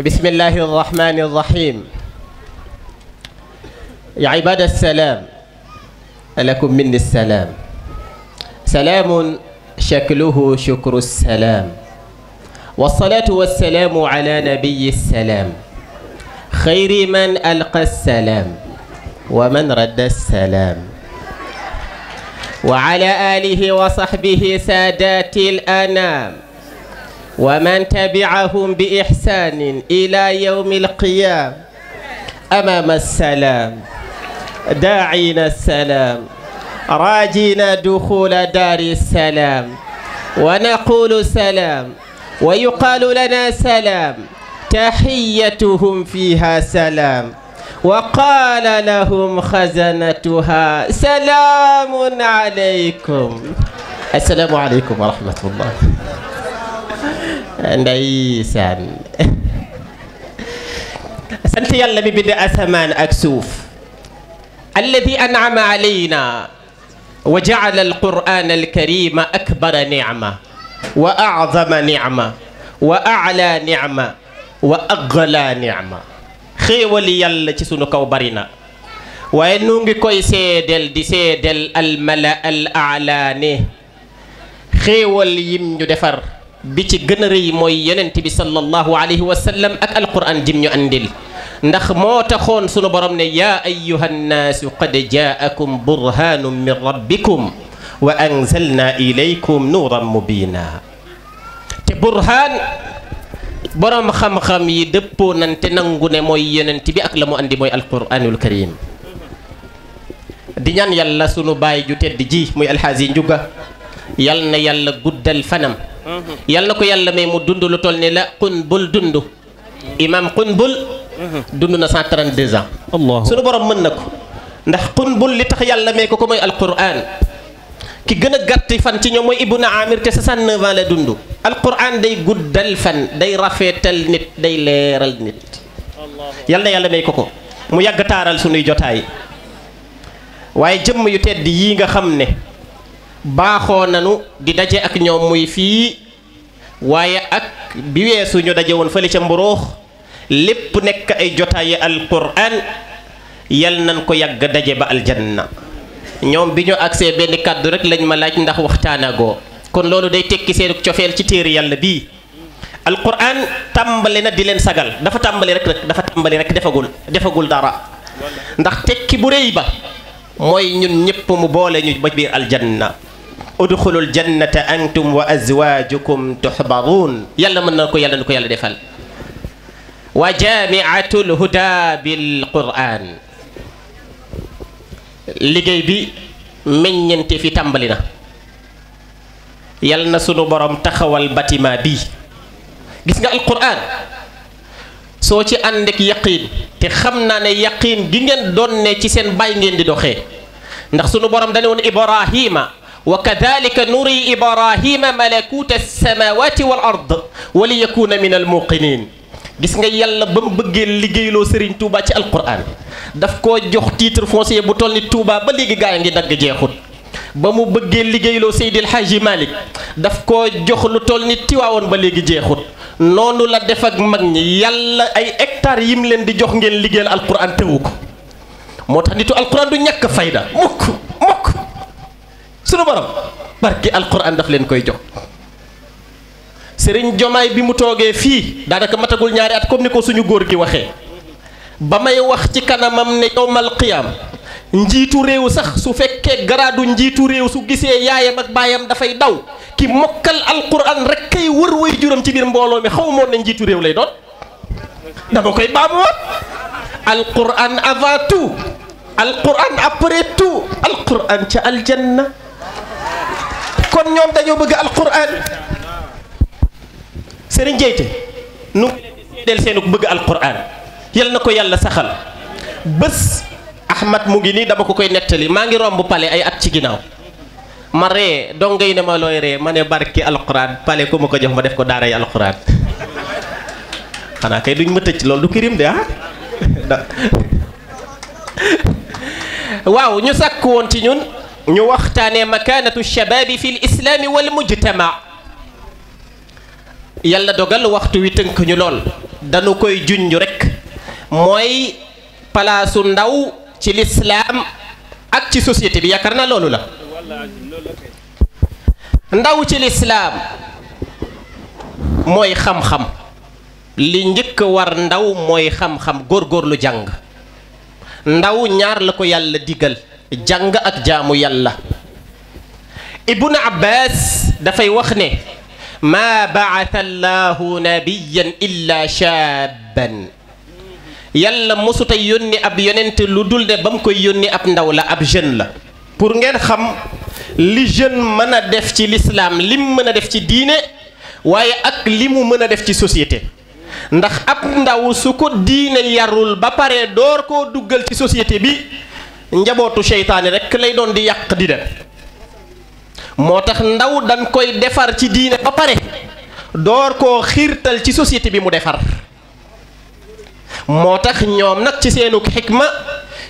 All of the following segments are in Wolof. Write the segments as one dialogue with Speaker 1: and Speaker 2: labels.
Speaker 1: بسم الله الرحمن الرحيم يا عباد السلام لكم مني السلام سلام شكله شكر السلام والصلاة والسلام على نبي السلام خير من ألقى السلام ومن رد السلام وعلى آله وصحبه سادات الأنام ومن تبعهم بإحسان إلى يوم القيام أمام السلام داعينا السلام راجينا دخول دار السلام ونقول سلام ويقال لنا سلام تحيتهم فيها سلام وقال لهم خزنتها سلام عليكم السلام عليكم ورحمة الله ndeysaan sant yàlla mi bind asamaan ak suuf alladi an'ama alayna wa ja'ala alqur'ana alkarima akbara ni'ma wa a'zama ni'ma wa a'la ni'ma wa aghla ni'ma xéewali yàlla ci sunu kaw bari na waaye nu ngi koy seedel di seedel almala al aala ne xéewal yim ñu defar bi ci gën a rëy mooy yonent bi sallallahu alayhi wa sallam ak alquran jim ñu andil ndax moo taxoon sunu borom ne yaa ayyuha nnaasu qad jaakum burhanun min rabbikum wa anzalna ilaykum nuuran mubina te burhaan borom xam-xam yi dëppoo nan nangu ne mooy yonent bi ak la andi mooy alquranul karim di ñaan yàlla sunu baay ju tedd ji muy alxaaji njuga yal yàlla guddal fanam yal na ko yàlla may mu dund lu toll la Qunbul dund imam Qunbul dund na 132 ans suñu borom mën na ko ndax Qunbul li tax yàlla may ko ko mooy alquran ki gën a fan ci ñoom mooy Ibnu Amir te 69 ans la dund alquran day guddal fan day rafetal nit day leeral nit yal na yàlla may ko ko mu yàgg taaral suñuy jotaay waaye jëmm yu tedd yii nga xam baaxoo nanu di daje ak ñoom muy fii waaye ak bi weesu ñu daje woon fële ca mburuux lépp nekk ay jotaayi alquran yal nañ ko yàgg daje ba aljanna ñoom bi ñu agsee benn kàddu rek lañ ma laaj ndax waxtaanagoo kon loolu day tekki seen cofeel ci téere yàlla bii alquran tàmbali na di leen sagal dafa tàmbali rek rek dafa tàmbali rek defagul defagul dara ndax tekki bu rëy ba mooy ñun ñëpp mu boole ñu ba biir aljanna udxulul jannata antum wa azwajukum tuxbaruun yàlla mën na ko yàlla nu ko yàlla defal wa jaamiatul huda bil quraan liggéey bi meññante fi tàmbali na yàlla na sunu borom taxawal bâtiment bi gis nga alquran soo ci ànd ak yaqiin te xam naa ne yaqiin gi ngeen doon ne ci seen bàyyi ngeen di doxee ndax sunu borom dañu woon Ibrahima وكذلك نري إبراهيم ملكوت السماوات والأرض وليكون من الموقنين gis nga yàlla bam beugé bëggee liggéeyloo Serigne Touba ci alquran daf ko jox titre foncier bu tolni Touba ba léegi gaay yi ngi dagg jeexut bamou beugé bëggee liggéeyloo Seydil Hadji Malick daf ko jox lu tolni ni ba léegi jeexut nonu la def ak magni yàlla ay hectare yim len di jox ngeen liggéeyal alquran tewuko motax nitu alquran du ñak fayda mukk mukk sunu borom barki alquran daf leen koy jox sëriñ jomaay bi mu toogee fii daanaka matagul ñaari at comme ni ko suñu góor gi waxee ba may wax ci kanamam ne yowmal qiyaam njiitu réew sax su fekkee garaadu njiitu réew su gisee yaayam ak baayam dafay daw ki mokkal alquran rek kay wër way juram ci biir mbooloo mi xaw moon ne réew lay doon dama koy baamuwaat alquran avant tout alquran ca aljanna kon ñoom dañoo bëgg alquran sëriñ Jeyte nu ngi leen seenu bëgg alquran yal na ko yàlla saxal bés Ahmad mu ngi nii dama ko koy nettali maa ngi romb pale ay at ci ginnaaw ma ree dong ngay ne ma looy ree ma ne barki alquran pale ku ma ko jox ma def ko daaray alquran xanaa kay duñ ma tëj loolu du kirim de ah. waaw ñu sàkk woon ci ñun. ñu waxtaanee makaanatu shababi fi l islaami wal mujtama yàlla dogal waxtu wi tënk ñu lool dañu koy junj rekk mooy palaasu ndaw ci lislaam ak ci société bi yaakaar naa loolu la ndaw ci lislaam mooy xam-xam li njëkk war ndaw mooy xam-xam góorgóorlu jàng ndaw ñaar la ko yàlla digal jàng ak jaamu yàlla ibnu abbas dafay wax ne maa baata allahu nabiyan illa shaaban yàlla mosuta yónni ab yonent lu dul ne ba mu koy yónni ab ndaw la ab jeune la pour ngeen xam li jeune mën a def ci lislaam lim mën a def ci diine waaye ak li mu mën a def ci société ndax ab ndaw su ko diine yarul ba pare door koo duggal ci société bi njabootu seytaane rekk lay doon di yàq di dem moo tax ndaw dañ koy defar ci diine ba pare door koo xiirtal ci société bi mu defar moo tax ñoom nag ci seenu xikma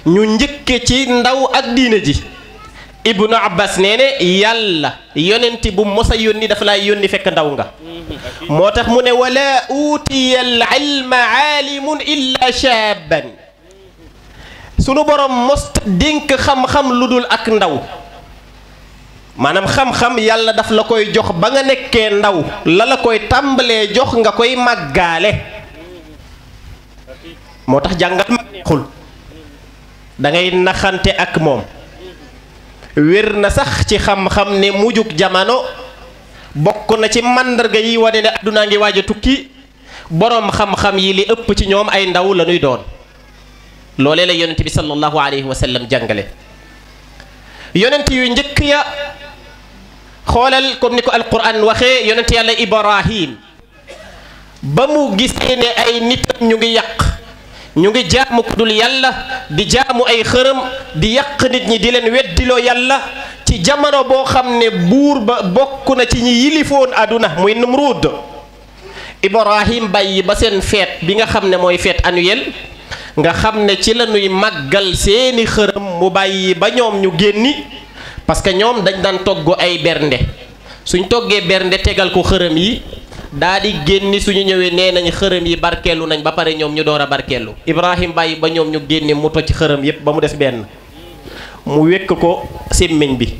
Speaker 1: ñu njëkke ci ndaw ak diine ji ibnu abbas nee ne yàlla yonenti bu mos a yónni dafa lay yónni fekk ndaw nga moo tax mu ne wala uutiya al ilma aalimun illa shaaban sunu boroom most dénk xam-xam lu dul ak ndaw maanaam xam-xam yàlla daf la koy jox ba nga nekkee ndaw la la koy tàmbalee jox nga koy màggaale moo tax jàngat xul da ngay naxante ak moom wér na sax ci xam-xam ne mujjug jamono bokk na ci màndarga yi wane ne addunaa ngi waaj a tukki boroom xam-xam yi li ëpp ci ñoom ay ndaw la ñuy doon lolé la yonent bi sallallahu alayhi wa sallam jàngale yonent yu njëkk ya xoolal comme ni ko alquran waxee yonent yàlla ibrahim ba mu gisee ay nitam ñu ngi yàq ñu ngi jaamu ku yàlla di jaamu ay xërëm di yàq nit ñi di leen weddiloo yàlla ci jamono boo xam ne buur ba bokk na ci ñi yilifoon àdduna muy numruud ibrahim bàyyi ba seen feet bi nga xam ne mooy annuel nga xam ne ci la ñuy màggal seeni xërëm mu bàyyi ba ñoom ñu génni parce que ñoom dañ daan togg ay bernde suñ toggee bernde tegal ko xërëm yi daal di génni suñu ñëwee nee nañ xërëm yi barkeelu nañ ba pare ñoom ñu door a barkeelu Ibrahim bàyyi ba ñoom ñu génni mu toj xërëm yépp ba mu des benn mu wékk ko sémmiñ bi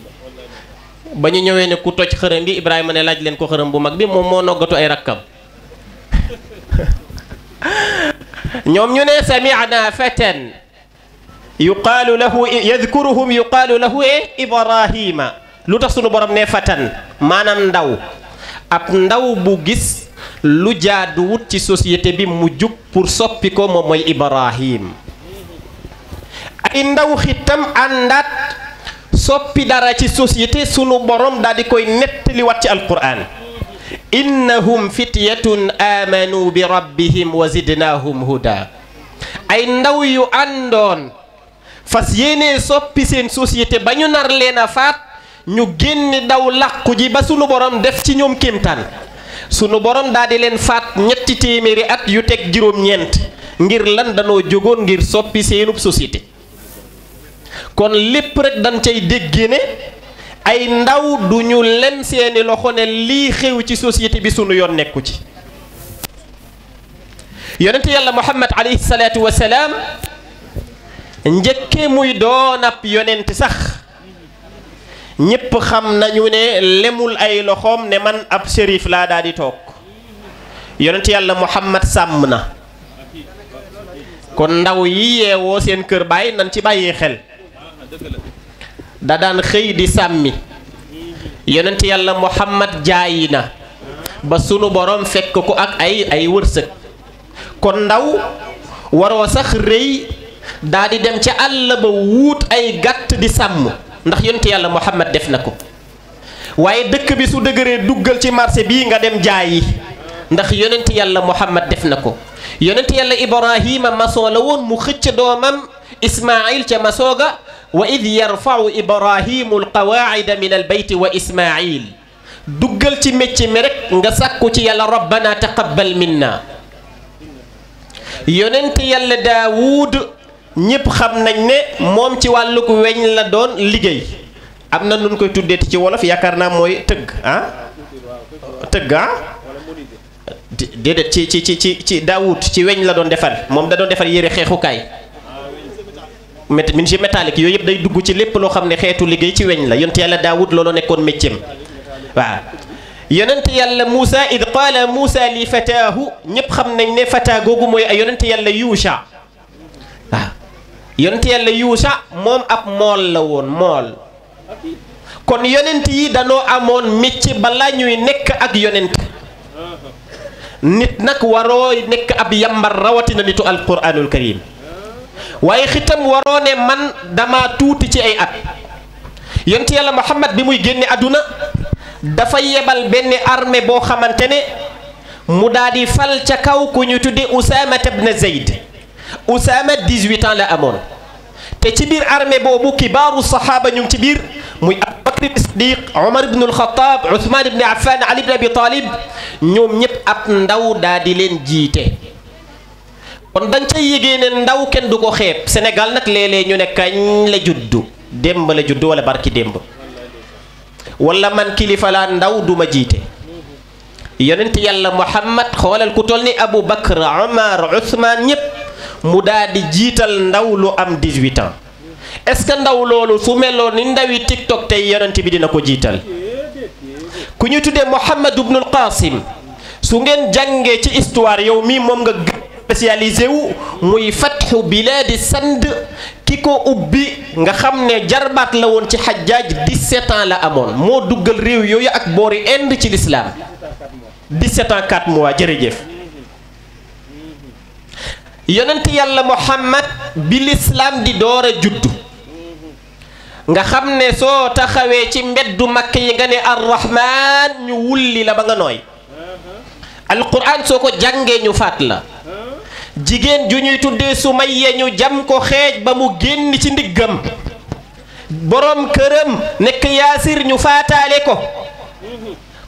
Speaker 1: ba ñu ñëwee ne ku toj xërëm bi Ibrahima ne laaj leen ko xërëm bu mag bi moom moo noggatu ay rakkam ñoom ñu ne sami'na fatan yuqaalu lahu yadkuruhum yuqaalu lahu ibrahima lu tax sunu borom ne fatan maanaam ndaw ab ndaw bu gis lu jaaduwut ci société bi mu jug pour soppi ko moom mooy ibrahim ay ndaw xitam àndaat soppi dara ci société sunu borom daal di koy nettaliwaat ci alquran innahum fityatun amanu bi rabbihim wa zidnahum huda ay ndaw yu àndoon fas yéenee soppi seen société ba ñu nar leen a faat ñu génn daw làqu ji ba sunu borom def ci ñoom kéemtaan sunu borom daldi leen faat ñetti téeméeri at yu teg juróom-ñeent ngir lan danoo jógoon ngir soppi seenub société kon lépp rek dañ cay déggee ay ndaw du ñu lem seeni loxo ne lii xew ci société bi sunu yoon nekku ci yonent yàlla muhammad alayhi salaatu wa salaam njëkke muy doon ab yonent sax ñépp xam nañu ne lemul ay loxoom ne man ab shérif laa daal di toog yonent yàlla muhammad sàmm na kon ndaw yi yeewoo seen kër bàyyi nan ci bàyyi xel da daan xëy di sàmmi yonent yàlla muhammad jaayi na ba sunu borom fekk ko ak ay ay wërsëg kon ndaw waroo sax rëy daa di dem ca àll ba wuut ay gàtt di sàmm ndax yonent yàlla muhammad def na ko waaye dëkk bi su dëgëree duggal ci marché bii nga dem jaayi ndax yonent yàlla muhammad def na ko yonent yàlla ibrahima maçon la woon mu xëcc doomam ismail ca masooga wa id yarfau ibrahimu alqawaacida min albeyti wa ismail duggal ci mecc mi rek nga sàkku ci yàlla rabbana taqabbal minna yonent yàlla daawud ñépp xam nañ ne moom ci wàlluk weñ la doon liggéey am na nun koy tuddeeti ci wolof yaakaar naa mooy tëgg ah tëgg ah déedéet ci ci ci ci daawud ci weñ la doon defar moom da doon defar yére xeexukaay métier métallique yooyu yëpp day dugg ci lépp lo xamné xétu xeetu ci weñ la yonent yàlla daoud lolo nekkoon métiem wa yonent yàlla musa id qala musa li fatahu ñep xamnañ ne fata gogu moy yonent yàlla yusha wa yonent yàlla yusha mom ab mol la won mol kon yonent yi dano amone amoon ba la ñuy nekk ak yonent nit nak waro nekk ab yambar rawati na nitu alquranul karim waye xitam warone man dama tuti ci ay at yent yàlla Muhammad bi muy genn aduna da fa yebal ben armée bo xamantene mu dadi fal ca kaw ku ñu tuddi usama ibn Zayd usama 18 ans la amone te ci bir armée boobu kibaru sahaba ñu ci bir muy Abu Bakr Siddiq Omar ibn al-Khattab uthman ibn Affan Ali ibn Abi Talib ñom ñep ab ndaw dadi len jité kon dañ ca yégee ne ndaw kenn du ko xeeb Sénégal nag léeg ñu ne kañ la juddu démb la juddu wala barki démb wala man kilifa laa ndaw du ma jiite yonent yàlla Muhammad xoolal ku toll ni Abu Bakr Omar Ousmane ñëpp mu daal di jiital ndaw lu am 18 ans est-ce que ndaw loolu su meloon ni ndawi TikTok tey yonent bi dina ko jiital ku ñu tuddee Muhammad ibnul Qasim su ngeen jàngee ci histoire yow mii moom nga. spécialisé wu muy fatxu bilaadi sand ki ko ubbi nga xam ne jarbaat la woon ci xajjaaj di ans la amoon moo duggal réew yooyu ak boori Inde ci lislaam 17 ans 4 mois jërëjëf yonent yàlla Muhammad bi lislaam di door a judd nga xam ne soo taxawee ci mbeddu makk yi nga ne arrahman ñu wulli la ba nga nooy alquran soo ko jàngee ñu faat la jigéen ju ñuy tuddee su ma yee ñu jam ko xeej ba mu génn ci ndiggam boroom këram nekk yaasir ñu faatale ko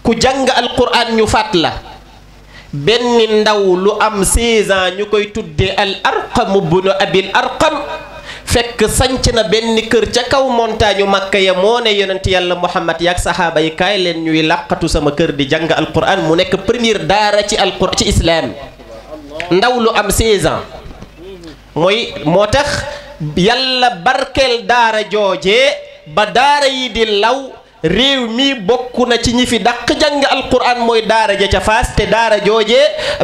Speaker 1: ku jàng alquran ñu faat la benn ndaw lu am 16 ans ñu koy tuddee al arqam bunu abil arqam fekk sanc na benn kër ca kaw montagne makka ya moo ne yonent yàlla muhammad yaak saxaaba yi kaay leen ñuy làqatu sama kër di jàng alquran mu nekk première daara ci alquran ci islam ndaw lu am 16 mooy moo tax yàlla barkeel daara jooje ba daara yi di law réew mi bokk na ci ñi fi dàq jàng alquran mooy daara ja ca faas te daara jooje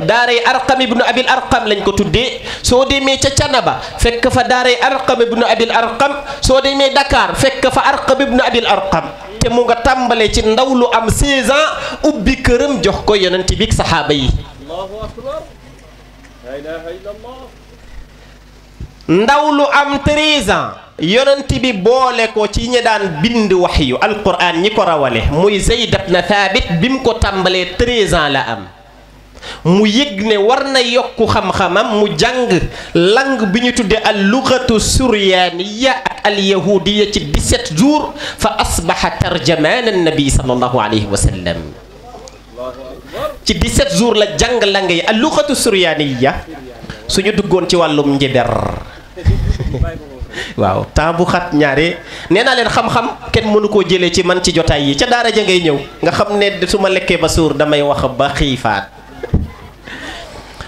Speaker 1: daara yi arqam ibnu abil arkam lañ ko tuddee soo demee ca canaba fekk fa daara yi arqam ibnu abil arqam soo demee Dakar fekk fa arqam ibnu abil arqam te mu nga tàmbalee ci ndaw lu am 16 ubbi këram jox ko yonent bi ak saxaaba yi. la ilaha illallah ndaw am 13 ans yonent bi bolé ko ci ñi daan bind waxyu alquran ñi ko rawale muy Zayd ibn Thabit bim ko tambalé 13 ans la am mu yegne warna yokku xam-xamam mu jàng lang biñu tudde al lughatu suryaniya ak al yahudiyya ci 17 jours fa asbaha tarjamaana nabi sallallahu alayhi wa sallam ci 17 jours la jàng lang yi al luxatu suryaaniya suñu duggoon ci wàllum njiber waaw temps bu xat ñaare nee naa leen xam-xam kenn mënu koo jëlee ci man ci jotaay yi ca daara ja ngay ñëw nga xam ne su ma lekkee ba suur damay wax ba xiifaat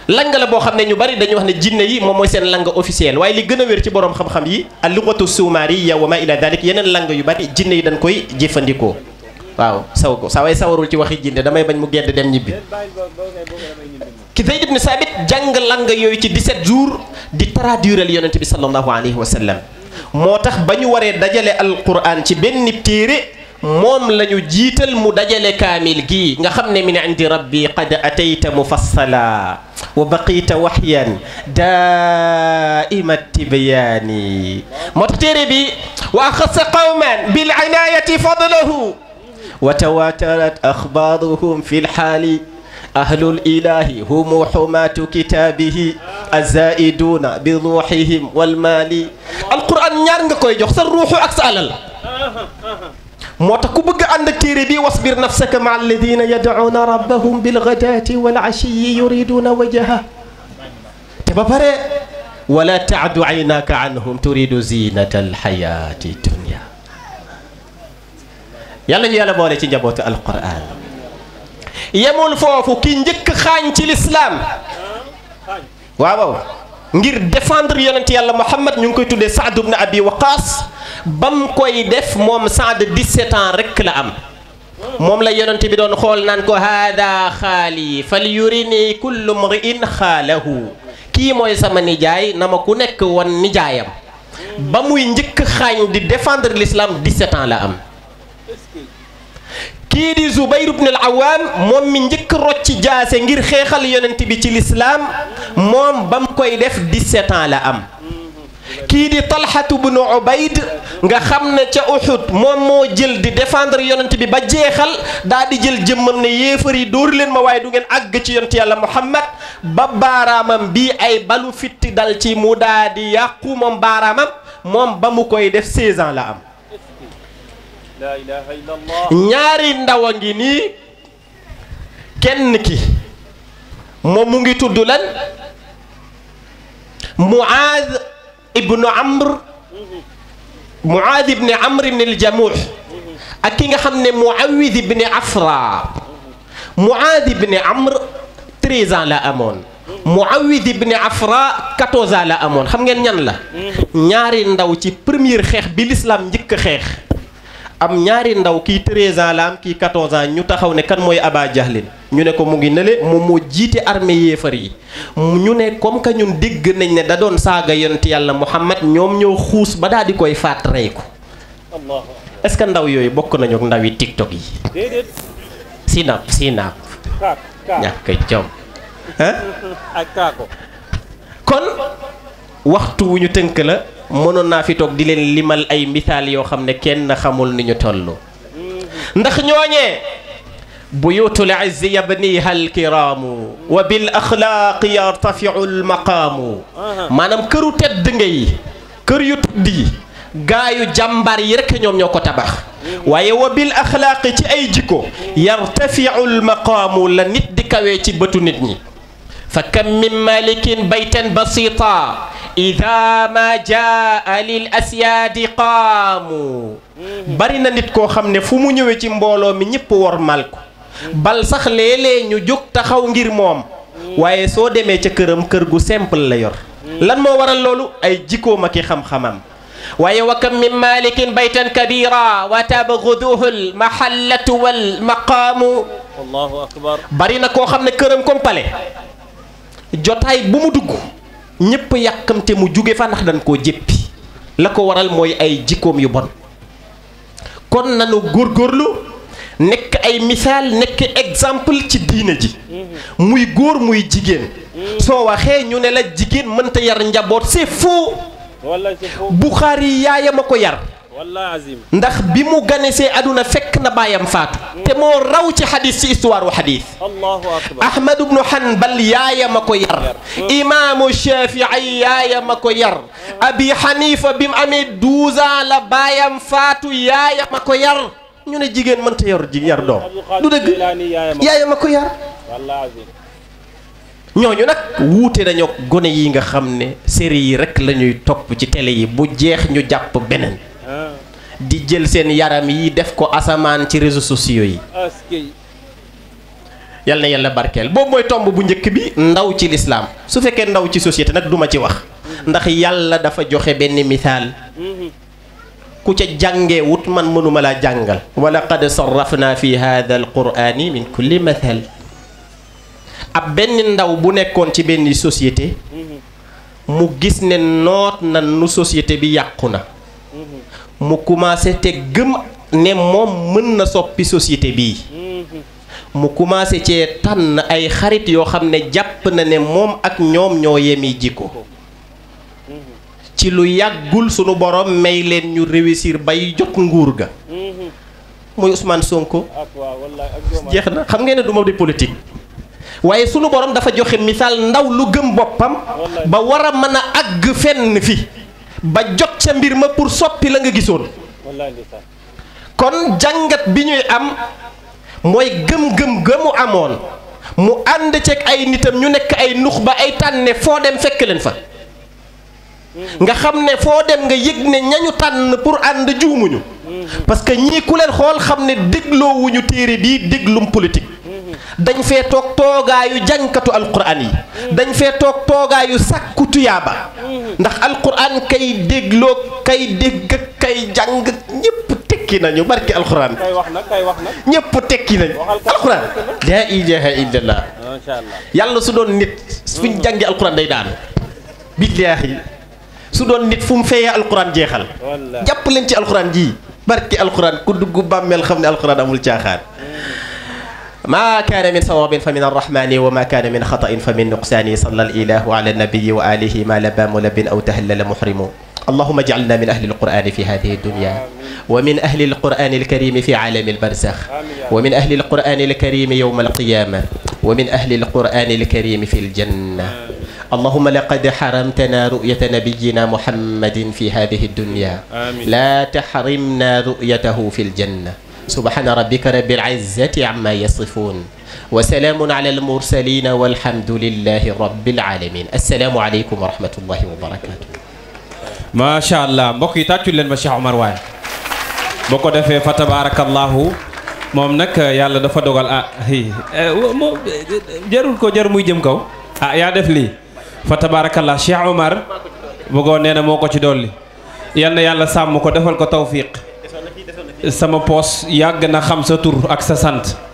Speaker 1: lang la boo xam ne ñu bari dañu wax ne jinne yi moom mooy seen lang officiel waaye li gën a wér ci boroom xam-xam yi a al luxatu sumaariya wa ma ila dalik yeneen lang yu bari jinne yi dañ koy jëfandikoo waaw saw ko saway sawarul ci waxi jinde damay bañ mu gedd dem ñibbi ki Zayd ibn Saabit jàng lang yooyu ci 17 jours di traduiral yonent bi sallallahu alayhi wa sallam moo tax ba ñu waree dajale alquran ci benn téere moom la ñu jiital mu dajale kaamil gii nga xam ne min indi rabbi qad atayta mufassala wa baqiita waxyan daaima tibiyaani moo tax téere bi wa axasa qawman bil inaayati fadlahu وتواترت أخبارهم في الحال أهل الإله هم حماة كتابه الزائدون بروحهم والمال القرآن نيارنغ كوي جوخ روح أكس على الله موتكو عندك تيري واصبر نفسك مع الذين يدعون ربهم بالغداة والعشي يريدون وجهه تبا ولا تعد عيناك عنهم تريد زينة الحياة الدنيا يالله يالله بوله تجابوت القرآن يمون فوفو كنجك خان تيل الإسلام واو نير دفاندر يالنتي يالله محمد نقول تود سعد بن أبي وقاص بام كوي دف موم سعد 17 عام رك لا ام موم لا يونتي بي دون خول نان كو هذا خالي فليريني كل امرئ خاله كي موي سما ني جاي نما كو نيك وون ني جايام باموي نديك خاغ دي ديفاندر الاسلام 17 عام kii di Zubayr ibn al moom mi njëkk rocci jaase ngir xeexal yonent bi ci lislaam moom ba mu koy def di ans la am kii di Talhatu bnu Ubayd nga xam ne ca Uhud moom moo jël di défendre yonent bi ba jeexal daa di jël jëmmam ne yéefar yi dóor leen ma waaye du ngeen àgg ci yonent yàlla Muhammad ba baaraamam bii ay balu fitti dal ci mu daa di yàqu moom baaraamam moom ba mu koy def 16 la am ñaari ndaw a ngi nii kenn ki moom mu ngi tudd lan muaaz ibnu amr muaaz ibni amr ibn aljamuux ak ki nga xam ne muawid ibni afra muaaz ibni amr 13 ans la amoon muawid ibni afra 14 ans la amoon xam ngeen ñan la ñaari ndaw ci premier xeex bi l'islam njëkk a xeex am ñaari ndaw kii 13 la am kii 14 ñu taxaw ne kan mooy Aba ñu ne ko mu ngi nële moom moo jiite armée yéefar yi ñu ne comme que ñun dégg nañ ne da doon saaga yont yàlla Muhammad ñoom ñoo xuus ba daal di koy faat rey ko est-ce que ndaw yooyu bokk nañu ak ndaw yi TikTok yi. sinap sinap. ñàkk jom ah. kon waxtu wu ñu tënk la. mënon na fi tok di len limal ay mithal yo xamne kenn xamul niñu tollu ndax ñoñe بيوت العز يبنيها الكرام وبالاخلاق يرتفع المقام مانام كرو تيد غي كير يو تدي غايو جامبار يرك نيوم نيوكو تباخ وايي وبالاخلاق تي اي جيكو يرتفع المقام لنيت دي كاوي تي بتو نيت ني فكم من مالك بيت بسيطا إذا ما جاء lil asyaadi qaamu bari na nit koo xam ne fu mu ñëwee ci mbooloo mi ñëpp wormal ko bal sax léeg-léeg ñu jóg taxaw ngir moom waaye soo demee ca këram kër gu simple la yor lan moo waral loolu ay jikkoom ak i xam-xamam waaye wa min malikin baytan kabira wa tabguduhu l mahallatu wal maqaamu allahu akbar bari na koo xam ne pale jotaay bu mu dugg ñépp yàkkamte mu jóge fa ndax dañ koo jéppi la ko waral mooy ay jikkoom yu bon kon nanu góorlu nekk ay misaal nekk exemple ci diine ji muy góor muy jigéen soo waxee ñu ne la jigéen mënta yar njaboot c'est faux Buxaari yaayam a ko yar ndax bi mu ganesee àdduna fekk na baayam faatu te moo raw ci xadis ci histoire wu xadis ahmad ibnu hanbal yaayama ko yar hmm. imaamu shafii yaayama ko yar hmm. abi xanifa bi mu amee douze la baayam faatu yaayama ko yar ñu ne jigéen mënta yor ji yar doom du dëgg yaayama ko yar ñooñu nag wuute nañu gone yi nga xam ne série yi rek lañuy topp ci télé yi bu jeex ñu jàpp beneen di jël seen yaram yi def ko asaman ci réseaux sociaux yi yalla na yàlla barkel bo moy tombe bu ñëk bi ndaw ci l'islam su fekke ndaw ci société nak duma ci wax ndax yàlla dafa joxe benn misal ku ca jangé wut man mënuma laa jàngal wala qad sarrafna fi hadha alqurani min kulli mathal ab ben ndaw bu nekkon ci ben société mu gis ne note na nu société bi yakuna mu commencé te gëm ne moom mën na soppi société bii mm-hmm. mu commencé cee tànn ay xarit yoo xam ne jàpp na ne moom ak ñoom ñoo yemi jikko mm-hmm. ci lu yàggul sunu borom may leen ñu réussir bay jot nguur ga mm-hmm. muy Ousmane Sonko ah, jeex na xam ngeen ne du ma di politique waaye sunu borom dafa joxe misaal ndaw lu gëm boppam ba war a mën a àgg fenn fi ba jot ca mbir ma pour soppi la nga gisoon kon jàngat bi ñuy am mooy gëm-gëm gëmu amoon mu ànd ceeg ay nitam ñu nekk ay nux ba ay tànne foo dem fekk leen fa nga xam ne foo dem nga yëg ne ñañu tànn pour ànd juumuñu mm. parce que ñii ku leen xool xam ne dégloowuñu téere bi déglum politique dañ fee toog toogaayu jànkatu alxuraan yi dañ fee toog toogaayu sàkku tuyaaba ndax alquran kay dégloo kay dégg kay jàng ñëpp tekki nañu barki alquran ñëpp tekki nañu alquran laa ilaha illallah yàlla su doon nit fu ñu jàngee alquran day daanu billaahi su doon nit fu mu feeyee alquran jeexal jàpp leen ci alquran ji barki alquran ku dugg bàmmeel xam ne alquran amul caaxaan ما كان من صواب فمن الرحمن وما كان من خطأ فمن نقصان صلى الإله على النبي وآله ما لبى ملب أو تهلل محرم اللهم اجعلنا من أهل القرآن في هذه الدنيا ومن أهل القرآن الكريم في عالم البرزخ ومن أهل القرآن الكريم يوم القيامة ومن أهل القرآن الكريم في الجنة اللهم لقد حرمتنا رؤية نبينا محمد في هذه الدنيا لا تحرمنا رؤيته في الجنة سبحان ربك رب العزة عما يصفون وسلام على المرسلين والحمد لله رب العالمين السلام عليكم ورحمة الله وبركاته ما شاء الله بقي تاتل ما شاء عمر واي بقي دفع فتبارك الله موم نك يالا دفا دوغال آه، هي آه، جرول كو جر موي جيم كو آه، يا ديف لي فتبارك الله شيخ عمر بوغو نينا موكو سي دولي يالنا يالا سام كو دفال كو توفيق sama poos yàgg na xam sa tur ak sa sant